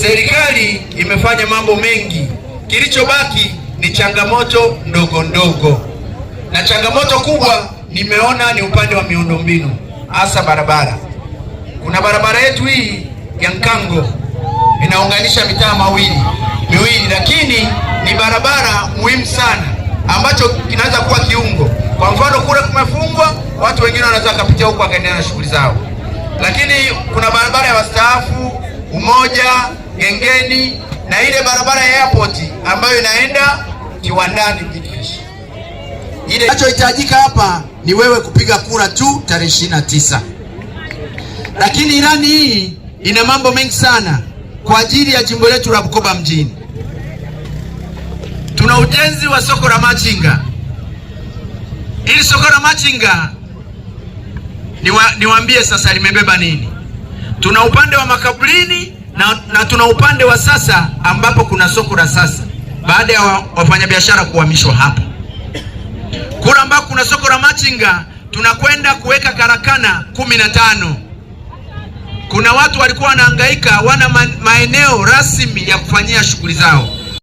Serikali imefanya mambo mengi, kilichobaki ni changamoto ndogo ndogo, na changamoto kubwa nimeona ni upande wa miundombinu, hasa barabara. Kuna barabara yetu hii ya Nkango inaunganisha mitaa mawili miwili, lakini ni barabara muhimu sana ambacho kinaweza kuwa kiungo. Kwa mfano kule kumefungwa, watu wengine wanaweza wakapitia huko wakaendelea na shughuli zao, lakini kuna barabara ya wastaafu Umoja Gengeni na ile barabara ya airport ambayo inaenda kiwandani Ile inachohitajika hapa ni wewe kupiga kura tu tarehe 29. Lakini ilani hii ina mambo mengi sana kwa ajili ya jimbo letu la Bukoba mjini. Tuna ujenzi wa soko la machinga. Ili soko la machinga niwa, niwaambie sasa limebeba nini? Tuna upande wa makaburini na, na tuna upande wa sasa ambapo kuna soko la sasa baada ya wafanyabiashara kuhamishwa hapa. Kule ambako kuna soko la machinga tunakwenda kuweka karakana kumi na tano. Kuna watu walikuwa wanahangaika wana maeneo rasmi ya kufanyia shughuli zao.